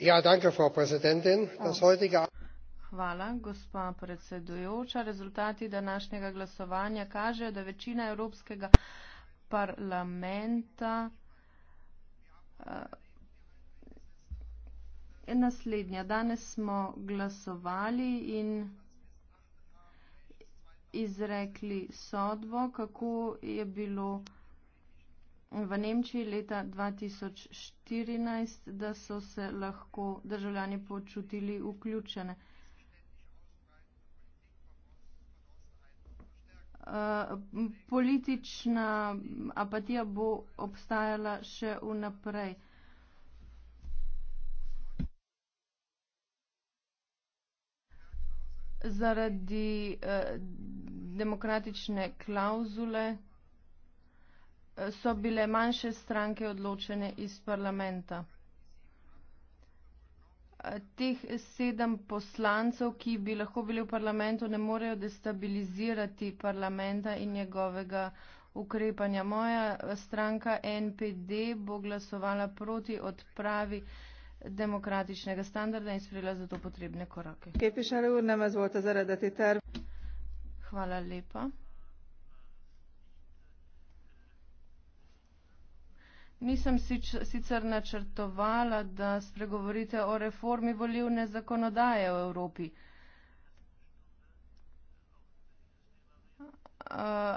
Ja, gospa predsedujoča rezultati današnjega glasovanja kažejo da večina evropskega parlamenta eh, je naslednja danes smo glasovali in izrekli sodbo kako je bilo v Nemčiji leta 2014, da so se lahko državljani počutili vključene. Uh, politična apatija bo obstajala še vnaprej. Zaradi uh, demokratične klauzule, so bile manjše stranke odločene iz parlamenta. Teh sedem poslancev, ki bi lahko bili v parlamentu, ne morejo destabilizirati parlamenta in njegovega ukrepanja. Moja stranka NPD bo glasovala proti odpravi demokratičnega standarda in sprejela za to potrebne korake. Hvala lepa. Nisem si sicer načrtovala, da spregovorite o reformi volivne zakonodaje v Evropi. Uh,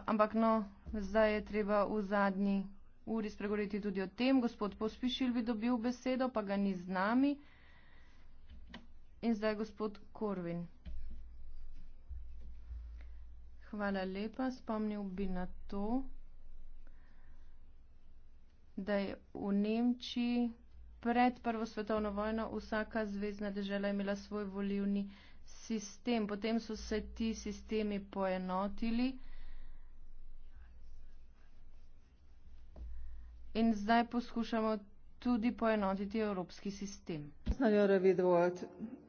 ampak no, zdaj je treba v zadnji uri spregovoriti tudi o tem. Gospod Pospišil bi dobil besedo, pa ga ni z nami. In zdaj gospod Korvin. Hvala lepa, spomnil bi na to da je v Nemčiji pred Prvo svetovno vojno vsaka zvezdna država imela svoj volivni sistem. Potem so se ti sistemi poenotili in zdaj poskušamo tudi poenotiti evropski sistem.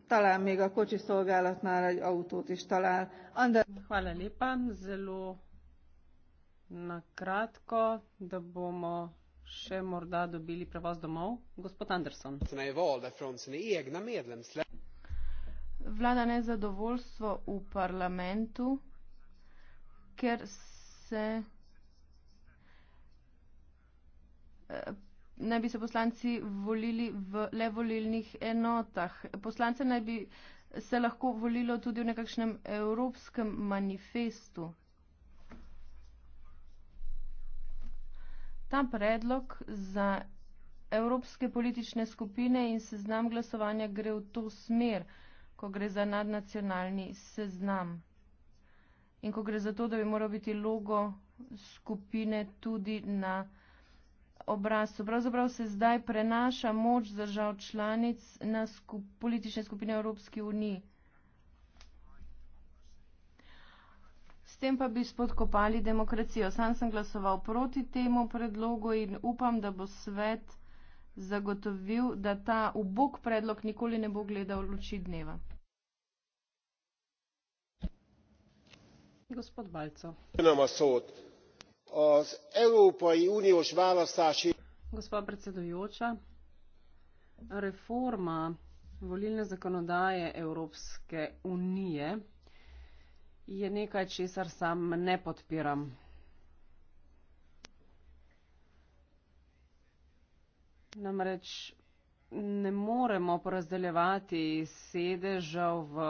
Talán még a kocsi szolgálatnál egy autót is talál. Ander... Hvala lépa, zelo na kratko, da bomo še morda dobili prevoz domov. Gospod Anderson. Er er Vlada nezadovoljstvo v parlamentu, ker se. Eh, naj bi se poslanci volili v le volilnih enotah. Poslance naj bi se lahko volilo tudi v nekakšnem evropskem manifestu. Ta predlog za evropske politične skupine in seznam glasovanja gre v to smer, ko gre za nadnacionalni seznam. In ko gre za to, da bi moral biti logo skupine tudi na obrazcu. Pravzaprav se zdaj prenaša moč držav članic na sku politične skupine Evropske unije. s tem pa bi spodkopali demokracijo. Sam sem glasoval proti temu predlogu in upam, da bo svet zagotovil, da ta ubog predlog nikoli ne bo gledal luči dneva. Gospod Balco. Gospod predsedujoča, reforma volilne zakonodaje Evropske unije je nekaj, česar sam ne podpiram. Namreč ne moremo porazdeljevati sedežev v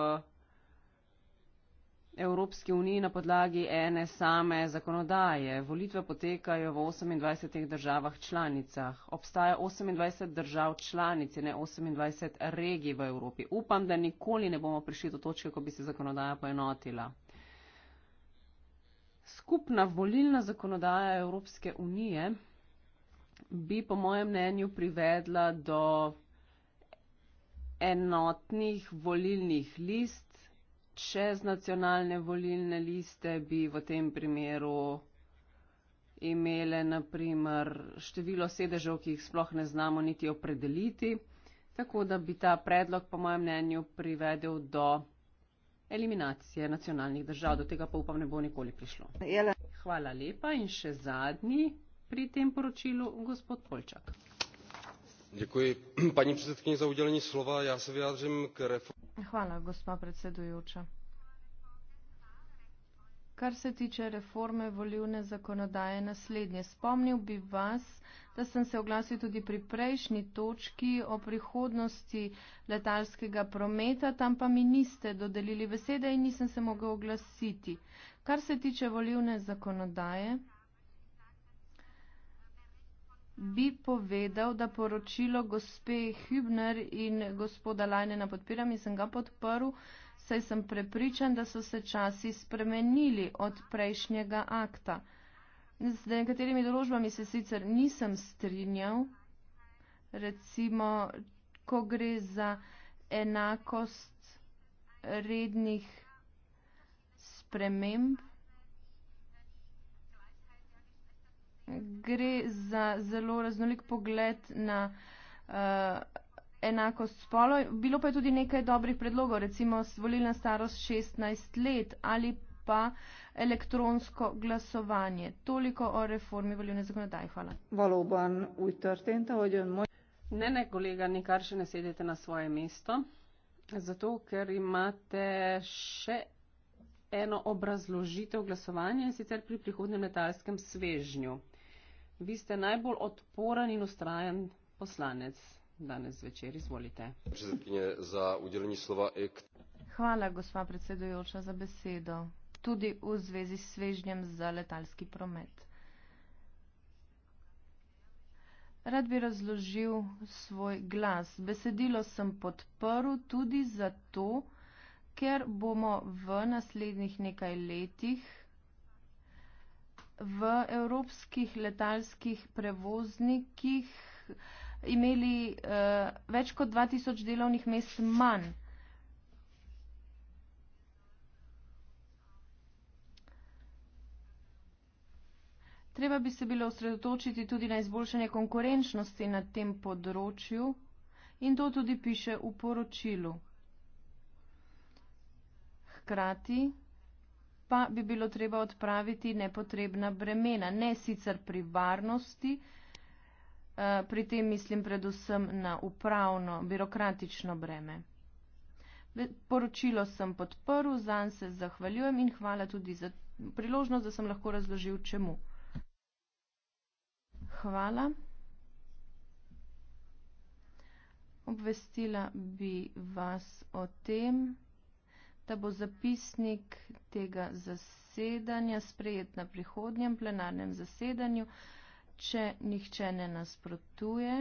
Evropski uniji na podlagi ene same zakonodaje. Volitve potekajo v 28 državah članicah. Obstaja 28 držav članic in ne 28 regij v Evropi. Upam, da nikoli ne bomo prišli do točke, ko bi se zakonodaja poenotila skupna volilna zakonodaja Evropske unije bi po mojem mnenju privedla do enotnih volilnih list. Čez nacionalne volilne liste bi v tem primeru imele naprimer število sedežev, ki jih sploh ne znamo niti opredeliti. Tako da bi ta predlog po mojem mnenju privedel do eliminacije nacionalnih držav. Do tega pa upam ne bo nikoli prišlo. Hvala lepa in še zadnji pri tem poročilu, gospod Polčak. Děkuji, paní předsedkyně, za udělení slova. Já se vyjádřím k reformě. Hvala, gospa predsedujúča. Kar se tiče reforme volivne zakonodaje naslednje, spomnil bi vas, da sem se oglasil tudi pri prejšnji točki o prihodnosti letalskega prometa, tam pa mi niste dodelili besede in nisem se mogel oglasiti. Kar se tiče volivne zakonodaje, bi povedal, da poročilo gospe Hübner in gospoda Lajnena podpiram in sem ga podprl saj sem prepričan, da so se časi spremenili od prejšnjega akta. Z nekaterimi doložbami se sicer nisem strinjal, recimo, ko gre za enakost rednih sprememb, gre za zelo raznolik pogled na uh, enakost spolo. Bilo pa je tudi nekaj dobrih predlogov, recimo volilna starost 16 let ali pa elektronsko glasovanje. Toliko o reformi volilne zakonodaje. Hvala. Valoban, utrtenta, moj... Ne, ne, kolega, nikar še ne sedete na svoje mesto, zato ker imate še eno obrazložitev glasovanja in sicer pri prihodnem letalskem svežnju. Vi ste najbolj odporen in ustrajen poslanec danes večer. Izvolite. E Hvala, gospa predsedujoča, za besedo. Tudi v zvezi s svežnjem za letalski promet. Rad bi razložil svoj glas. Besedilo sem podprl tudi zato, ker bomo v naslednjih nekaj letih v evropskih letalskih prevoznikih eh, imeli uh, več kot 2000 delovnih mest manj. Treba bi se bilo osredotočiti tudi na izboljšanje konkurenčnosti na tem področju in to tudi piše v poročilu. Hkrati pa bi bilo treba odpraviti nepotrebna bremena, ne sicer pri varnosti, Eh, pri tem mislim predvsem na upravno, birokratično breme. Poročilo sem podprl, zanj se zahvaljujem in hvala tudi za priložnost, da sem lahko razložil čemu. Hvala. Obvestila bi vas o tem, da bo zapisnik tega zasedanja sprejet na prihodnjem plenarnem zasedanju če nihče ne nasprotuje.